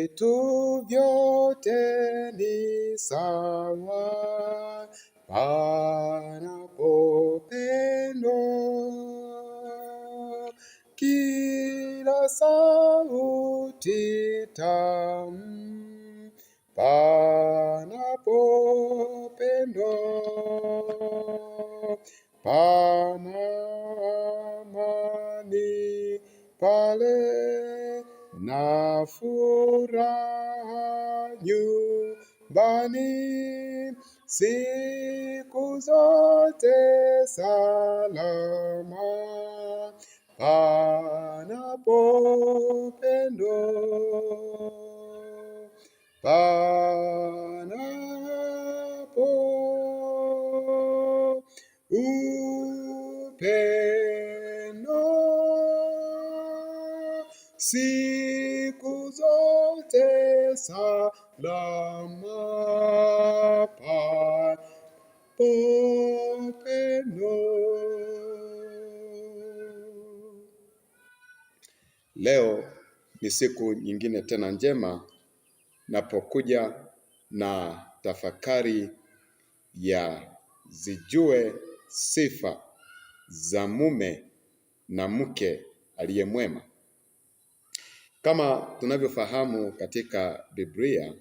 Vitu vyote ni sawa panapopendwa. Kila sauti tamu panapopendwa. Pana nafurahi bani siku zote salama panapo pendo. salama Leo ni siku nyingine tena njema napokuja na tafakari ya zijue sifa za mume na mke aliye mwema. Kama tunavyofahamu katika Biblia,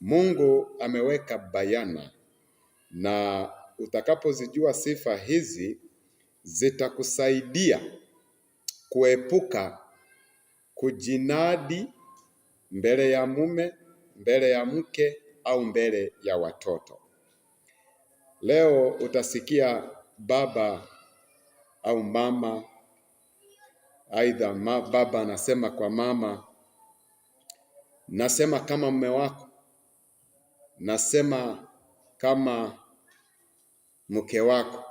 Mungu ameweka bayana, na utakapozijua sifa hizi zitakusaidia kuepuka kujinadi mbele ya mume, mbele ya mke au mbele ya watoto. Leo utasikia baba au mama Aidha, baba anasema kwa mama, nasema kama mume wako, nasema kama mke wako,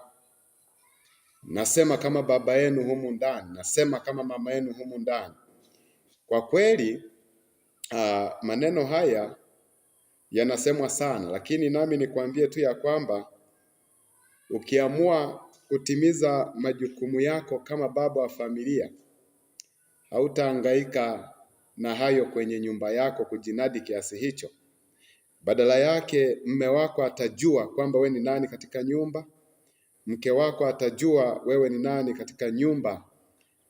nasema kama baba yenu humu ndani, nasema kama mama yenu humu ndani. Kwa kweli uh, maneno haya yanasemwa sana, lakini nami nikwambie tu ya kwamba ukiamua kutimiza majukumu yako kama baba wa familia hautaangaika na hayo kwenye nyumba yako kujinadi kiasi hicho. Badala yake mme wako atajua kwamba wewe ni nani katika nyumba, mke wako atajua wewe ni nani katika nyumba,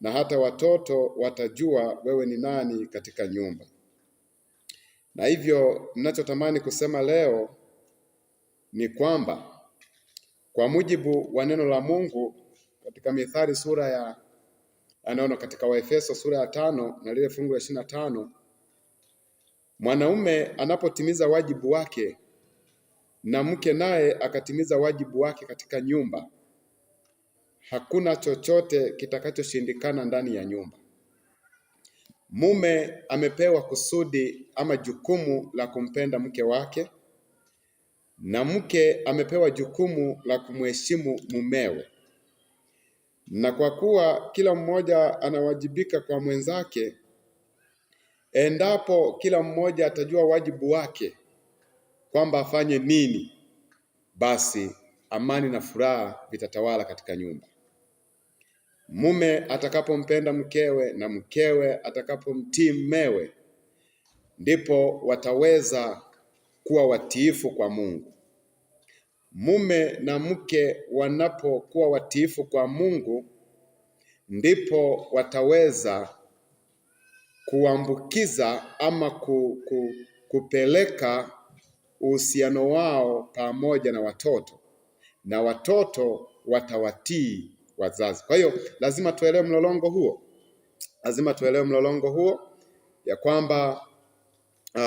na hata watoto watajua wewe ni nani katika nyumba. Na hivyo ninachotamani kusema leo ni kwamba kwa mujibu wa neno la Mungu katika Mithali sura ya anaona katika Waefeso sura ya tano na lile fungu la ishirini na tano mwanaume anapotimiza wajibu wake na mke naye akatimiza wajibu wake katika nyumba, hakuna chochote kitakachoshindikana ndani ya nyumba. Mume amepewa kusudi ama jukumu la kumpenda mke wake na mke amepewa jukumu la kumheshimu mumewe na kwa kuwa kila mmoja anawajibika kwa mwenzake, endapo kila mmoja atajua wajibu wake kwamba afanye nini, basi amani na furaha vitatawala katika nyumba. Mume atakapompenda mkewe na mkewe atakapomtii mmewe, ndipo wataweza kuwa watiifu kwa Mungu. Mume na mke wanapokuwa watiifu kwa Mungu, ndipo wataweza kuambukiza ama ku, ku, kupeleka uhusiano wao pamoja na watoto, na watoto watawatii wazazi. Kwa hiyo lazima tuelewe mlolongo huo, lazima tuelewe mlolongo huo ya kwamba uh,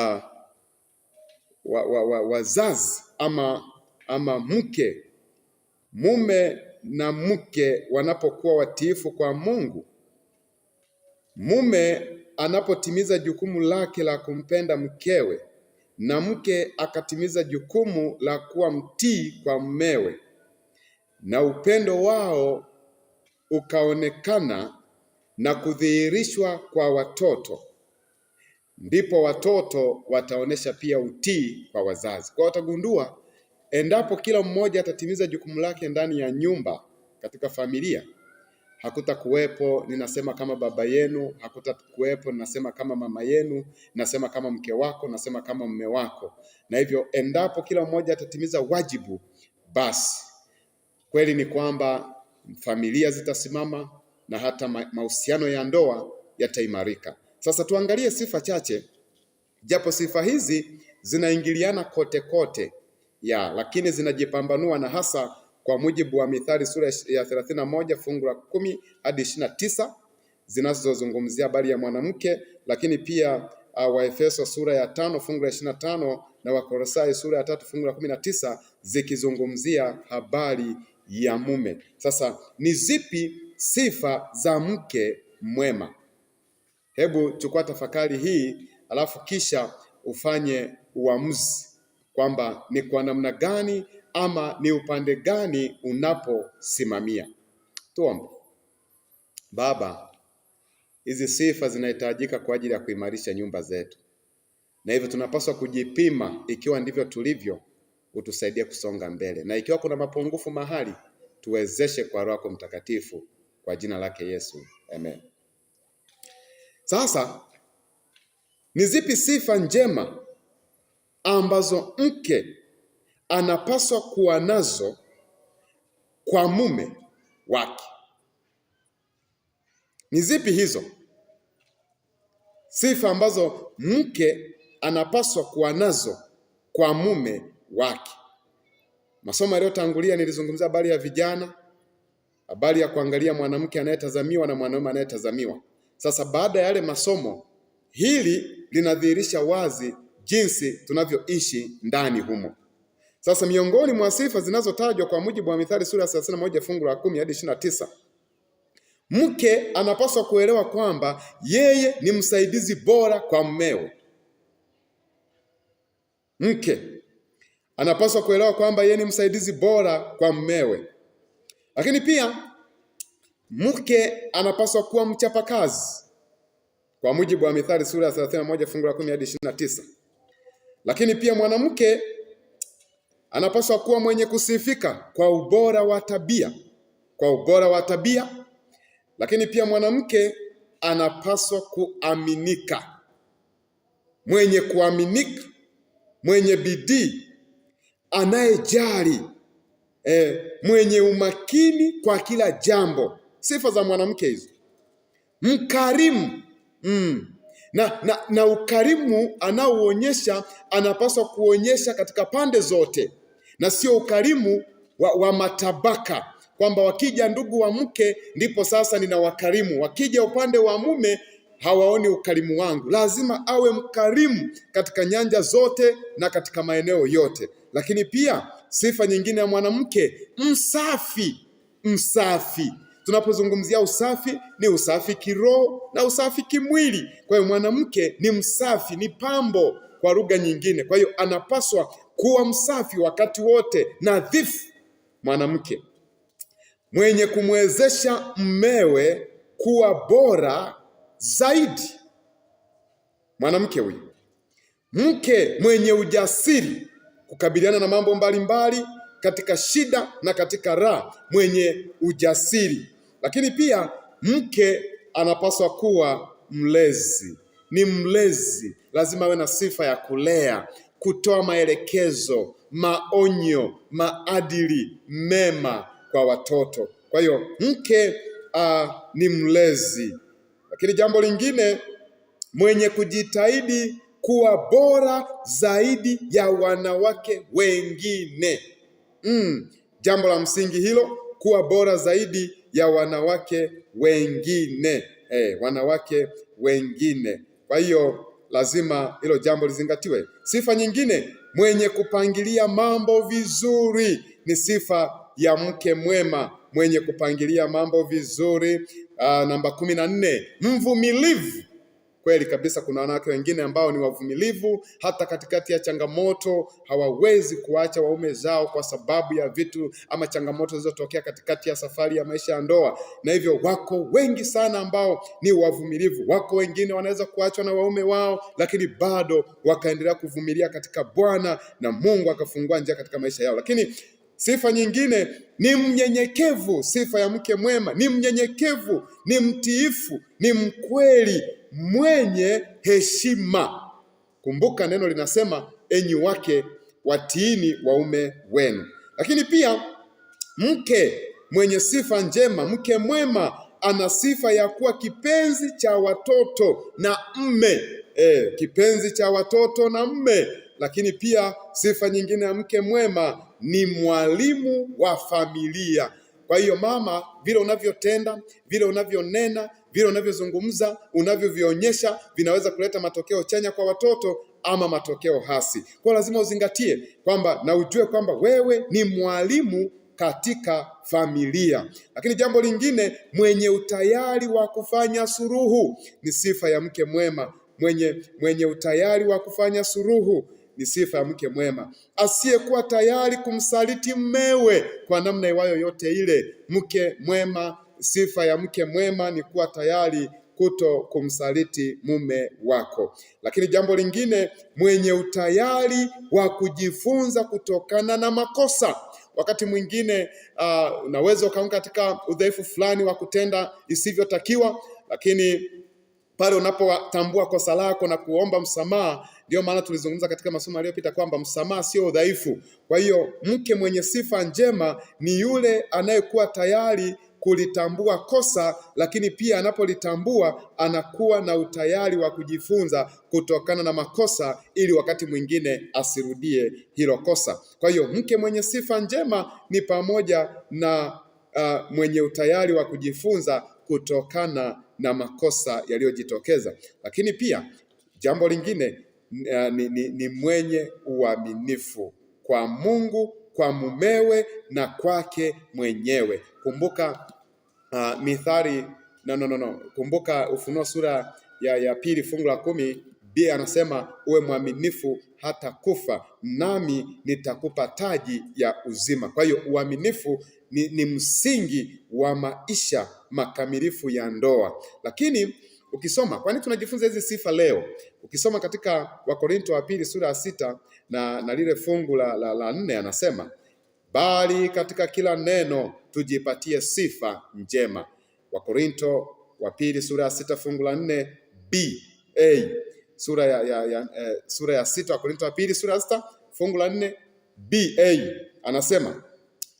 wa, wa, wa, wazazi ama ama mke. Mume na mke wanapokuwa watiifu kwa Mungu, mume anapotimiza jukumu lake la kumpenda mkewe na mke akatimiza jukumu la kuwa mtii kwa mmewe, na upendo wao ukaonekana na kudhihirishwa kwa watoto, ndipo watoto wataonesha pia utii kwa wazazi. Kwa watagundua Endapo kila mmoja atatimiza jukumu lake ndani ya nyumba, katika familia, hakutakuwepo ninasema kama baba yenu, hakutakuwepo ninasema kama mama yenu, nasema kama mke wako, nasema kama mme wako. Na hivyo endapo kila mmoja atatimiza wajibu, basi kweli ni kwamba familia zitasimama na hata mahusiano ya ndoa yataimarika. Sasa tuangalie sifa chache, japo sifa hizi zinaingiliana kote kote, ya, lakini zinajipambanua na hasa kwa mujibu wa Mithali sura ya thelathini na moja fungu la kumi hadi ishirini na tisa zinazozungumzia habari ya mwanamke, lakini pia uh, Waefeso sura ya tano fungu la ishirini na tano na Wakolosai sura ya tatu fungu la kumi na tisa zikizungumzia habari ya mume. Sasa ni zipi sifa za mke mwema? Hebu chukua tafakari hii, alafu kisha ufanye uamuzi kwamba ni kwa namna gani ama ni upande gani unaposimamia. Tuombe. Baba, hizi sifa zinahitajika kwa ajili ya kuimarisha nyumba zetu, na hivyo tunapaswa kujipima. Ikiwa ndivyo tulivyo, utusaidie kusonga mbele, na ikiwa kuna mapungufu mahali, tuwezeshe kwa Roho yako Mtakatifu, kwa jina lake Yesu, amen. Sasa ni zipi sifa njema ambazo mke anapaswa kuwa nazo kwa mume wake. Ni zipi hizo sifa ambazo mke anapaswa kuwa nazo kwa mume wake? Masomo yaliyotangulia nilizungumzia habari ya vijana, habari ya kuangalia mwanamke anayetazamiwa na mwanaume anayetazamiwa. Sasa baada ya yale masomo, hili linadhihirisha wazi jinsi tunavyoishi ndani humo. Sasa miongoni mwa sifa zinazotajwa kwa mujibu wa Mithali sura ya 31 fungu la 10 hadi 29, mke anapaswa kuelewa kwamba yeye ni msaidizi bora kwa mmeo. Mke anapaswa kuelewa kwamba yeye ni msaidizi bora kwa mmewe, lakini pia mke anapaswa kuwa mchapakazi kwa mujibu wa Mithali sura ya 31 fungu la 10 hadi 29. Lakini pia mwanamke anapaswa kuwa mwenye kusifika kwa ubora wa tabia, kwa ubora wa tabia. Lakini pia mwanamke anapaswa kuaminika, mwenye kuaminika, mwenye bidii, anayejali e, mwenye umakini kwa kila jambo. Sifa za mwanamke hizo, mkarimu mm na, na, na ukarimu anaoonyesha anapaswa kuonyesha katika pande zote, na sio ukarimu wa, wa matabaka kwamba wakija ndugu wa mke ndipo sasa nina wakarimu, wakija upande wa mume hawaoni ukarimu wangu. Lazima awe mkarimu katika nyanja zote na katika maeneo yote. Lakini pia sifa nyingine ya mwanamke msafi, msafi Tunapozungumzia usafi ni usafi kiroho na usafi kimwili. Kwa hiyo mwanamke ni msafi, ni pambo kwa lugha nyingine. Kwa hiyo anapaswa kuwa msafi wakati wote, nadhifu. Mwanamke mwenye kumwezesha mmewe kuwa bora zaidi, mwanamke huyu. Mke mwenye ujasiri kukabiliana na mambo mbalimbali mbali, katika shida na katika raha, mwenye ujasiri. Lakini pia mke anapaswa kuwa mlezi, ni mlezi, lazima awe na sifa ya kulea, kutoa maelekezo, maonyo, maadili mema kwa watoto. Kwa hiyo mke uh, ni mlezi. Lakini jambo lingine, mwenye kujitahidi kuwa bora zaidi ya wanawake wengine. Mm, jambo la msingi hilo, kuwa bora zaidi ya wanawake wengine eh, wanawake wengine. Kwa hiyo lazima hilo jambo lizingatiwe. Sifa nyingine, mwenye kupangilia mambo vizuri, ni sifa ya mke mwema, mwenye kupangilia mambo vizuri. Aa, ah, namba kumi na nne, mvumilivu Kweli kabisa, kuna wanawake wengine ambao ni wavumilivu, hata katikati ya changamoto hawawezi kuacha waume zao kwa sababu ya vitu ama changamoto zilizotokea katikati ya safari ya maisha ya ndoa, na hivyo wako wengi sana ambao ni wavumilivu. Wako wengine wanaweza kuachwa na waume wao, lakini bado wakaendelea kuvumilia katika Bwana na Mungu akafungua njia katika maisha yao, lakini Sifa nyingine ni mnyenyekevu. Sifa ya mke mwema ni mnyenyekevu, ni mtiifu, ni mkweli, mwenye heshima. Kumbuka neno linasema, enyi wake watiini waume wenu. Lakini pia mke mwenye sifa njema, mke mwema ana sifa ya kuwa kipenzi cha watoto na mme. E, kipenzi cha watoto na mme. Lakini pia sifa nyingine ya mke mwema ni mwalimu wa familia. Kwa hiyo mama, vile unavyotenda, vile unavyonena, vile unavyozungumza, unavyovionyesha vinaweza kuleta matokeo chanya kwa watoto ama matokeo hasi. Kwa lazima uzingatie kwamba na ujue kwamba wewe ni mwalimu katika familia. Lakini jambo lingine, mwenye utayari wa kufanya suruhu ni sifa ya mke mwema, mwenye mwenye utayari wa kufanya suruhu ni sifa ya mke mwema, asiyekuwa tayari kumsaliti mmewe kwa namna iwayo yote ile. Mke mwema, sifa ya mke mwema ni kuwa tayari kuto kumsaliti mume wako. Lakini jambo lingine, mwenye utayari wa kujifunza kutokana na makosa. Wakati mwingine uh, unaweza ukaa katika udhaifu fulani wa kutenda isivyotakiwa, lakini pale unapotambua kosa lako na kuomba msamaha ndio maana tulizungumza katika masomo yaliyopita kwamba msamaha sio udhaifu. Kwa hiyo mke mwenye sifa njema ni yule anayekuwa tayari kulitambua kosa, lakini pia anapolitambua anakuwa na utayari wa kujifunza kutokana na makosa, ili wakati mwingine asirudie hilo kosa. Kwa hiyo mke mwenye sifa njema ni pamoja na uh, mwenye utayari wa kujifunza kutokana na makosa yaliyojitokeza, lakini pia jambo lingine Eh, ni, ni, ni mwenye uaminifu kwa Mungu, kwa mumewe na kwake mwenyewe. Kumbuka uh, Mithali no, no, no, no. Kumbuka Ufunuo sura ya, ya pili fungu la kumi b anasema uwe mwaminifu hata kufa, nami nitakupa taji ya uzima. Kwa hiyo uaminifu ni, ni msingi wa maisha makamilifu ya ndoa, lakini Ukisoma, kwani tunajifunza hizi sifa leo. Ukisoma katika Wakorinto wa pili sura ya sita na, na lile fungu la, la, la nne anasema bali katika kila neno tujipatie sifa njema. Wakorinto wa pili sura ya sita fungu la nne b a sura ya, ya, ya, eh, sura ya sita Wakorinto wa pili sura ya sita fungu la nne b a anasema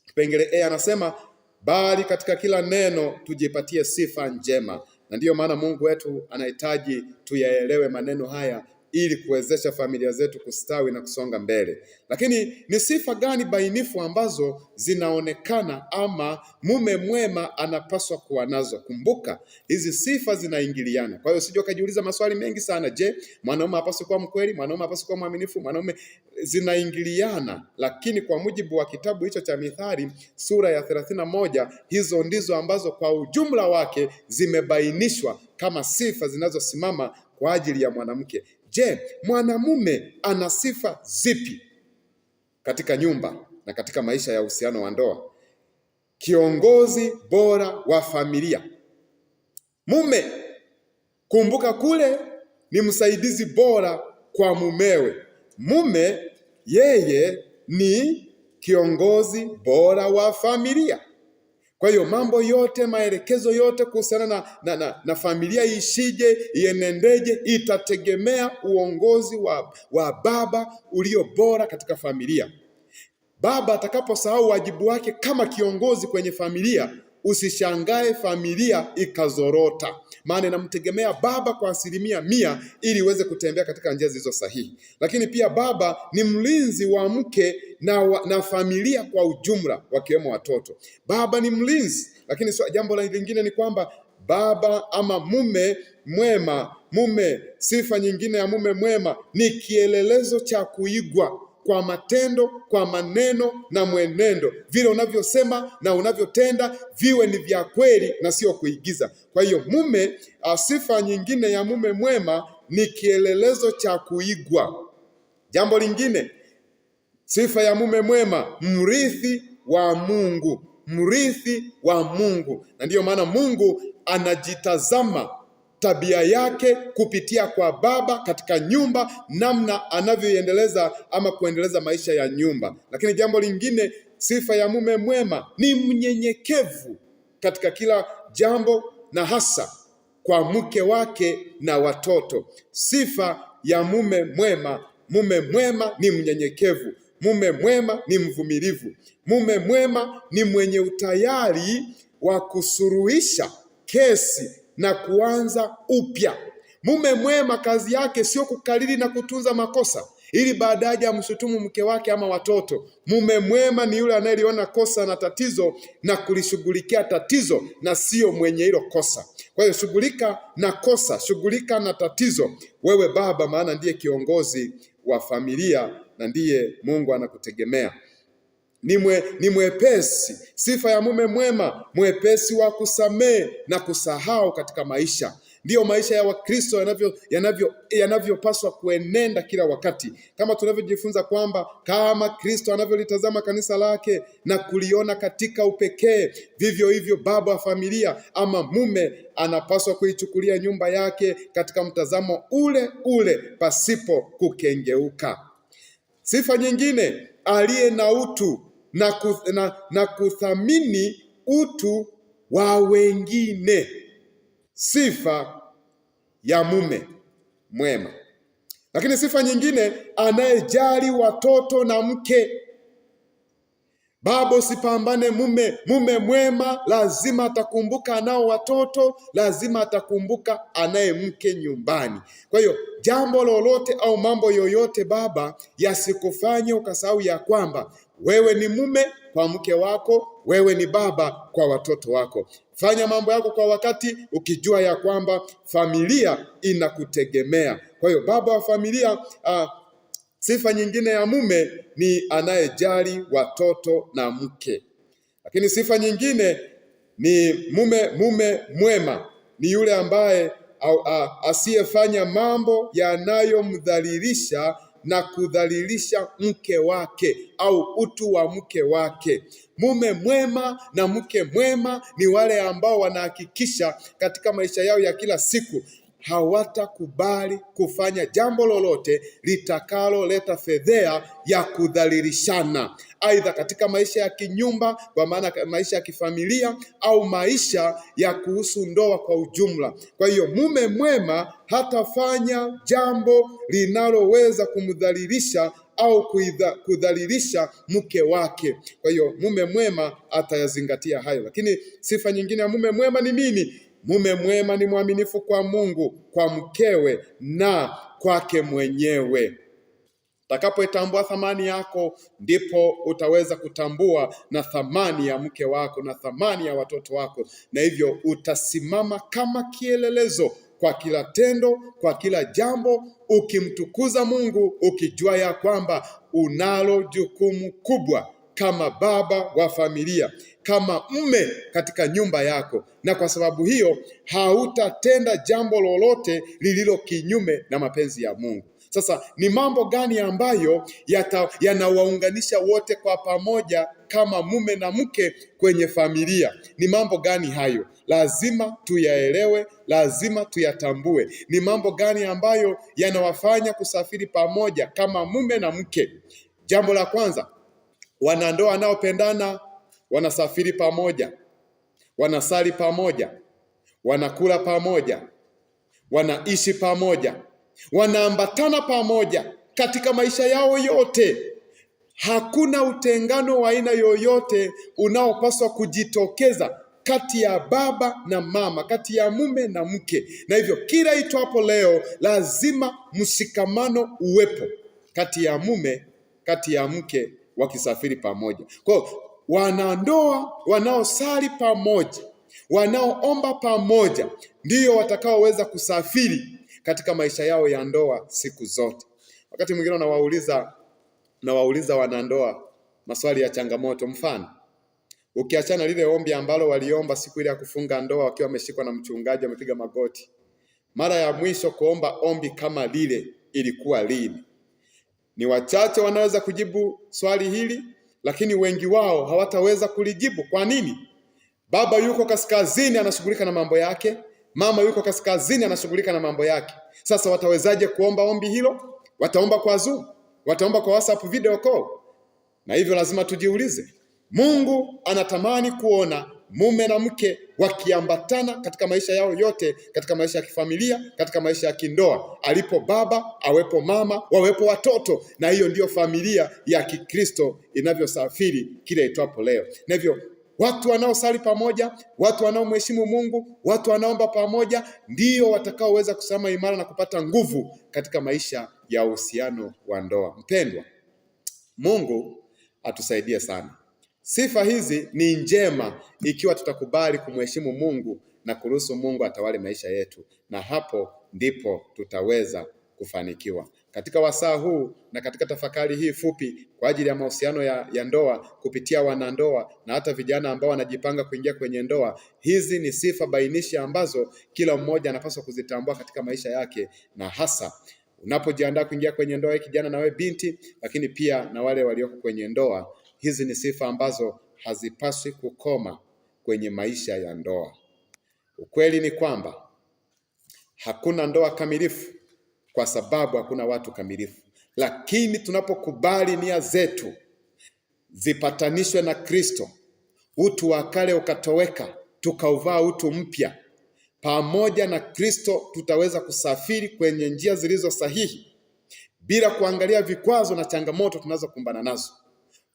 kipengele a anasema bali katika kila neno tujipatie sifa njema na ndiyo maana Mungu wetu anahitaji tuyaelewe maneno haya ili kuwezesha familia zetu kustawi na kusonga mbele. Lakini ni sifa gani bainifu ambazo zinaonekana ama mume mwema anapaswa kuwa nazo? Kumbuka hizi sifa zinaingiliana, kwa hiyo sije ukajiuliza maswali mengi sana. Je, mwanaume hapaswi kuwa mkweli? Mwanaume hapaswi kuwa mwaminifu? Mwanaume zinaingiliana, lakini kwa mujibu wa kitabu hicho cha Mithali sura ya thelathini na moja, hizo ndizo ambazo kwa ujumla wake zimebainishwa kama sifa zinazosimama kwa ajili ya mwanamke. Je, mwanamume ana sifa zipi katika nyumba na katika maisha ya uhusiano wa ndoa? Kiongozi bora wa familia. Mume, kumbuka kule ni msaidizi bora kwa mumewe. Mume yeye ni kiongozi bora wa familia. Kwa hiyo mambo yote, maelekezo yote kuhusiana na, na, na, na familia ishije ienendeje, itategemea uongozi wa, wa baba ulio bora katika familia. Baba atakaposahau wajibu wake kama kiongozi kwenye familia usishangae familia ikazorota, maana inamtegemea baba kwa asilimia mia ili iweze kutembea katika njia zilizo sahihi. Lakini pia baba ni mlinzi wa mke na, wa, na familia kwa ujumla wakiwemo watoto. Baba ni mlinzi, lakini so, jambo lingine ni kwamba baba ama mume mwema, mume, sifa nyingine ya mume mwema ni kielelezo cha kuigwa kwa matendo, kwa maneno na mwenendo. Vile unavyosema na unavyotenda viwe ni vya kweli na sio kuigiza. Kwa hiyo mume, ah, sifa nyingine ya mume mwema ni kielelezo cha kuigwa. Jambo lingine, sifa ya mume mwema, mrithi wa Mungu, mrithi wa Mungu. Na ndiyo maana Mungu anajitazama tabia yake kupitia kwa baba katika nyumba, namna anavyoiendeleza ama kuendeleza maisha ya nyumba. Lakini jambo lingine, sifa ya mume mwema ni mnyenyekevu katika kila jambo, na hasa kwa mke wake na watoto. Sifa ya mume mwema, mume mwema ni mnyenyekevu, mume mwema ni mvumilivu, mume mwema ni mwenye utayari wa kusuruhisha kesi na kuanza upya. Mume mwema kazi yake sio kukariri na kutunza makosa ili baadaye amshutumu mke wake ama watoto. Mume mwema ni yule anayeliona kosa na tatizo na kulishughulikia tatizo, na sio mwenye hilo kosa. Kwa hiyo shughulika na kosa, shughulika na tatizo, wewe baba, maana ndiye kiongozi wa familia na ndiye Mungu anakutegemea ni, mwe, ni mwepesi. Sifa ya mume mwema, mwepesi wa kusamehe na kusahau katika maisha. Ndiyo maisha ya Wakristo yanavyopaswa yanavyo, yanavyo kuenenda kila wakati, kama tunavyojifunza kwamba kama Kristo anavyolitazama kanisa lake na kuliona katika upekee, vivyo hivyo baba wa familia ama mume anapaswa kuichukulia nyumba yake katika mtazamo ule ule, pasipo kukengeuka. Sifa nyingine, aliye na utu na, kuth, na, na kuthamini utu wa wengine, sifa ya mume mwema. Lakini sifa nyingine, anayejali watoto na mke. Baba, usipambane mume. Mume mwema lazima atakumbuka anao watoto, lazima atakumbuka anaye mke nyumbani. Kwa hiyo jambo lolote au mambo yoyote, baba, yasikufanye ukasahau ya kwamba wewe ni mume kwa mke wako, wewe ni baba kwa watoto wako. Fanya mambo yako kwa wakati, ukijua ya kwamba familia inakutegemea. Kwa hiyo baba wa familia a, ah, sifa nyingine ya mume ni anayejali watoto na mke, lakini sifa nyingine ni mume mume mwema ni yule ambaye ah, asiyefanya mambo yanayomdhalilisha na kudhalilisha mke wake au utu wa mke wake. Mume mwema na mke mwema ni wale ambao wanahakikisha katika maisha yao ya kila siku hawatakubali kufanya jambo lolote litakaloleta fedhea ya kudhalilishana, aidha katika maisha ya kinyumba, kwa maana maisha ya kifamilia au maisha ya kuhusu ndoa kwa ujumla. Kwa hiyo mume mwema hatafanya jambo linaloweza kumdhalilisha au kudhalilisha mke wake. Kwa hiyo mume mwema atayazingatia hayo, lakini sifa nyingine ya mume mwema ni nini? Mume mwema ni mwaminifu kwa Mungu, kwa mkewe na kwake mwenyewe. Utakapoitambua thamani yako, ndipo utaweza kutambua na thamani ya mke wako na thamani ya watoto wako, na hivyo utasimama kama kielelezo kwa kila tendo, kwa kila jambo, ukimtukuza Mungu, ukijua ya kwamba unalo jukumu kubwa kama baba wa familia, kama mme katika nyumba yako, na kwa sababu hiyo hautatenda jambo lolote lililo kinyume na mapenzi ya Mungu. Sasa ni mambo gani ambayo yanawaunganisha wote kwa pamoja kama mume na mke kwenye familia? Ni mambo gani hayo? Lazima tuyaelewe, lazima tuyatambue. Ni mambo gani ambayo yanawafanya kusafiri pamoja kama mume na mke? Jambo la kwanza, Wanandoa wanaopendana wanasafiri pamoja, wanasali pamoja, wanakula pamoja, wanaishi pamoja, wanaambatana pamoja katika maisha yao yote. Hakuna utengano wa aina yoyote unaopaswa kujitokeza kati ya baba na mama, kati ya mume na mke. Na hivyo kila itwapo leo, lazima mshikamano uwepo kati ya mume, kati ya mke wakisafiri pamoja. Kwa hiyo wanandoa wanaosali pamoja, wanaoomba pamoja, ndiyo watakaoweza kusafiri katika maisha yao ya ndoa siku zote. Wakati mwingine nawauliza nawauliza wanandoa maswali ya changamoto, mfano ukiachana lile ombi ambalo waliomba siku ile ya kufunga ndoa wakiwa wameshikwa na mchungaji, wamepiga magoti. Mara ya mwisho kuomba ombi kama lile ilikuwa lini? Ni wachache wanaweza kujibu swali hili, lakini wengi wao hawataweza kulijibu. Kwa nini? Baba yuko kaskazini anashughulika na mambo yake, mama yuko kaskazini anashughulika na mambo yake. Sasa watawezaje kuomba ombi hilo? Wataomba kwa Zoom, wataomba kwa WhatsApp video call. Na hivyo lazima tujiulize, Mungu anatamani kuona mume na mke wakiambatana katika maisha yao yote, katika maisha ya kifamilia, katika maisha ya kindoa, alipo baba awepo mama, wawepo watoto. Na hiyo ndiyo familia ya Kikristo inavyosafiri kile itwapo leo. Na hivyo watu wanaosali pamoja, watu wanaomheshimu Mungu, watu wanaomba pamoja, ndiyo watakaoweza kusimama imara na kupata nguvu katika maisha ya uhusiano wa ndoa. Mpendwa, Mungu atusaidie sana. Sifa hizi ni njema ikiwa tutakubali kumheshimu Mungu na kuruhusu Mungu atawale maisha yetu, na hapo ndipo tutaweza kufanikiwa katika wasaa huu na katika tafakari hii fupi kwa ajili ya mahusiano ya, ya ndoa kupitia wanandoa na hata vijana ambao wanajipanga kuingia kwenye ndoa. Hizi ni sifa bainishi ambazo kila mmoja anapaswa kuzitambua katika maisha yake, na hasa unapojiandaa kuingia kwenye ndoa, kijana na wewe binti, lakini pia na wale walioko kwenye ndoa Hizi ni sifa ambazo hazipaswi kukoma kwenye maisha ya ndoa. Ukweli ni kwamba hakuna ndoa kamilifu kwa sababu hakuna watu kamilifu, lakini tunapokubali nia zetu zipatanishwe na Kristo, utu wa kale ukatoweka, tukauvaa utu mpya pamoja na Kristo, tutaweza kusafiri kwenye njia zilizo sahihi bila kuangalia vikwazo na changamoto tunazokumbana nazo.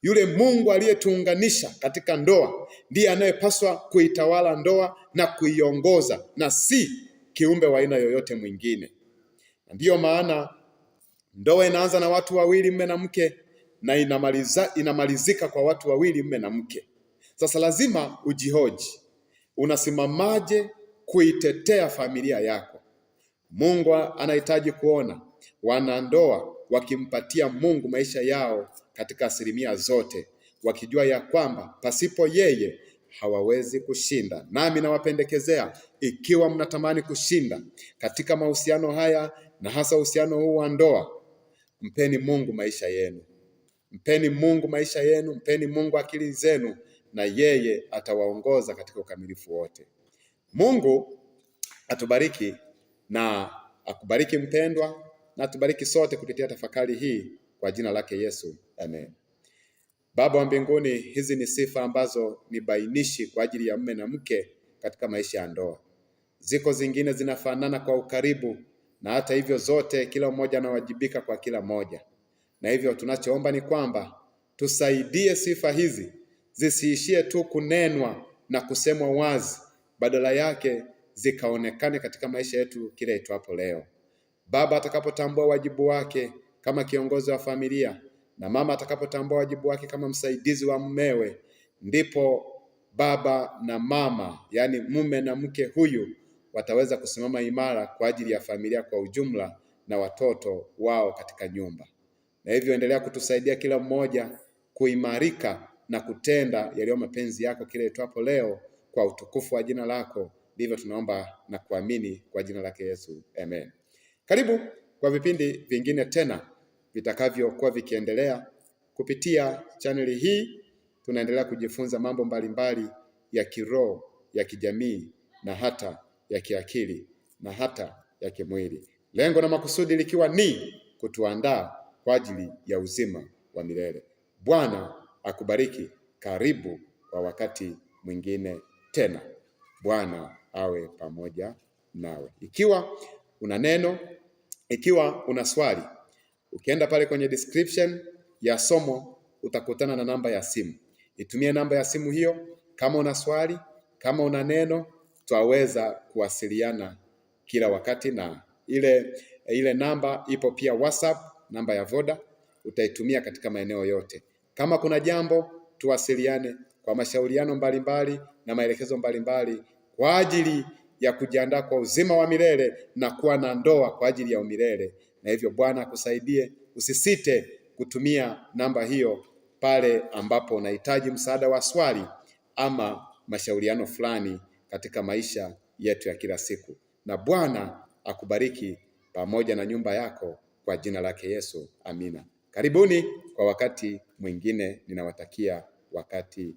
Yule Mungu aliyetuunganisha katika ndoa ndiye anayepaswa kuitawala ndoa na kuiongoza na si kiumbe wa aina yoyote mwingine. Na ndiyo maana ndoa inaanza na watu wawili, mume na mke, na inamaliza, inamalizika kwa watu wawili, mume na mke. Sasa lazima ujihoji, unasimamaje kuitetea familia yako? Mungu anahitaji kuona wanandoa wakimpatia Mungu maisha yao katika asilimia zote, wakijua ya kwamba pasipo yeye hawawezi kushinda. Nami nawapendekezea, ikiwa mnatamani kushinda katika mahusiano haya na hasa uhusiano huu wa ndoa, mpeni Mungu maisha yenu, mpeni Mungu maisha yenu, mpeni Mungu akili zenu, na yeye atawaongoza katika ukamilifu wote. Mungu atubariki na akubariki mpendwa, na atubariki sote kupitia tafakari hii kwa jina lake Yesu, amen. Baba wa mbinguni, hizi ni sifa ambazo ni bainishi kwa ajili ya mume na mke katika maisha ya ndoa. Ziko zingine zinafanana kwa ukaribu, na hata hivyo zote, kila mmoja anawajibika kwa kila moja na hivyo tunachoomba ni kwamba tusaidie sifa hizi zisiishie tu kunenwa na kusemwa wazi, badala yake zikaonekane katika maisha yetu kila itwapo leo. Baba atakapotambua wajibu wake kama kiongozi wa familia, na mama atakapotambua wajibu wake kama msaidizi wa mumewe, ndipo baba na mama, yaani mume na mke huyu, wataweza kusimama imara kwa ajili ya familia kwa ujumla na watoto wao katika nyumba. Na hivyo endelea kutusaidia kila mmoja kuimarika na kutenda yaliyo mapenzi yako kile itwapo leo kwa utukufu wa jina lako. Ndivyo tunaomba na kuamini kwa jina lake Yesu, amen. Karibu kwa vipindi vingine tena vitakavyokuwa vikiendelea. Kupitia chaneli hii tunaendelea kujifunza mambo mbalimbali ya kiroho, ya kijamii na hata ya kiakili na hata ya kimwili, lengo na makusudi likiwa ni kutuandaa kwa ajili ya uzima wa milele. Bwana akubariki. Karibu kwa wakati mwingine tena. Bwana awe pamoja nawe. Ikiwa una neno, ikiwa una swali Ukienda pale kwenye description ya somo utakutana na namba ya simu. Itumie namba ya simu hiyo, kama una swali, kama una neno, twaweza kuwasiliana kila wakati, na ile ile namba ipo pia WhatsApp, namba ya Voda utaitumia katika maeneo yote. Kama kuna jambo, tuwasiliane kwa mashauriano mbalimbali na maelekezo mbalimbali kwa ajili ya kujiandaa kwa uzima wa milele na kuwa na ndoa kwa ajili ya umilele na hivyo Bwana akusaidie, usisite kutumia namba hiyo pale ambapo unahitaji msaada wa swali ama mashauriano fulani katika maisha yetu ya kila siku. Na Bwana akubariki pamoja na nyumba yako kwa jina lake Yesu. Amina. Karibuni kwa wakati mwingine, ninawatakia wakati